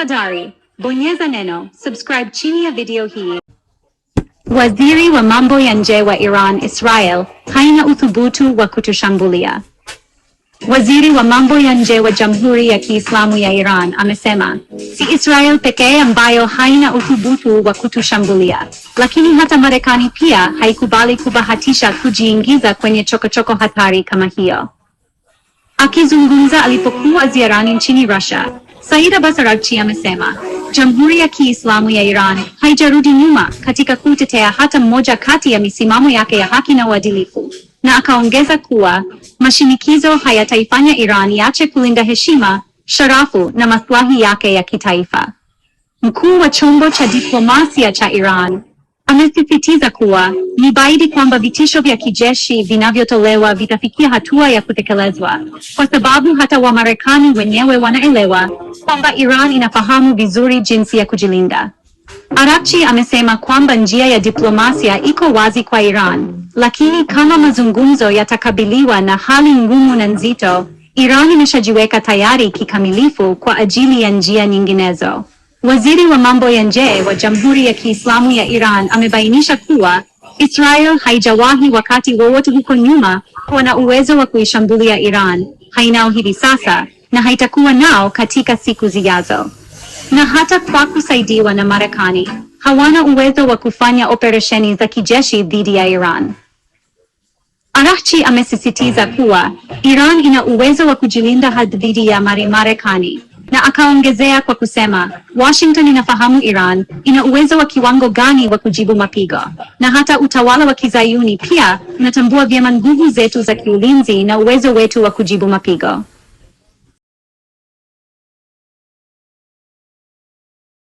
Tafadhali bonyeza neno subscribe chini ya video hii. Waziri wa mambo ya nje wa Iran: Israel haina uthubutu wa kutushambulia. Waziri wa mambo ya nje wa Jamhuri ya Kiislamu ya Iran amesema si Israel pekee ambayo haina uthubutu wa kutushambulia, lakini hata Marekani pia haikubali kubahatisha kujiingiza kwenye chokochoko hatari kama hiyo. Akizungumza alipokuwa ziarani nchini Russia, Said Abbas amesema Jamhuri ya Kiislamu ya Iran haijarudi nyuma katika kutetea hata mmoja kati ya misimamo yake ya haki na uadilifu, na akaongeza kuwa mashinikizo hayataifanya Iran iache kulinda heshima, sharafu na maslahi yake ya kitaifa. Mkuu wa chombo cha diplomasia cha Iran amesisitiza kuwa ni baidi kwamba vitisho vya kijeshi vinavyotolewa vitafikia hatua ya kutekelezwa, kwa sababu hata Wamarekani wenyewe wanaelewa kwamba Iran inafahamu vizuri jinsi ya kujilinda. Araghchi amesema kwamba njia ya diplomasia iko wazi kwa Iran, lakini kama mazungumzo yatakabiliwa na hali ngumu na nzito, Iran imeshajiweka tayari kikamilifu kwa ajili ya njia nyinginezo. Waziri wa mambo ya nje wa Jamhuri ya Kiislamu ya Iran amebainisha kuwa Israel haijawahi wakati wowote huko nyuma kuwa na uwezo wa kuishambulia Iran hainao hivi sasa na haitakuwa nao katika siku zijazo. Na hata kwa kusaidiwa na Marekani, hawana uwezo wa kufanya operesheni za kijeshi dhidi ya Iran. Arachi amesisitiza kuwa Iran ina uwezo wa kujilinda dhidi ya Marekani na akaongezea kwa kusema Washington inafahamu Iran ina uwezo wa kiwango gani wa kujibu mapigo, na hata utawala wa kizayuni pia unatambua vyema nguvu zetu za kiulinzi na uwezo wetu wa kujibu mapigo.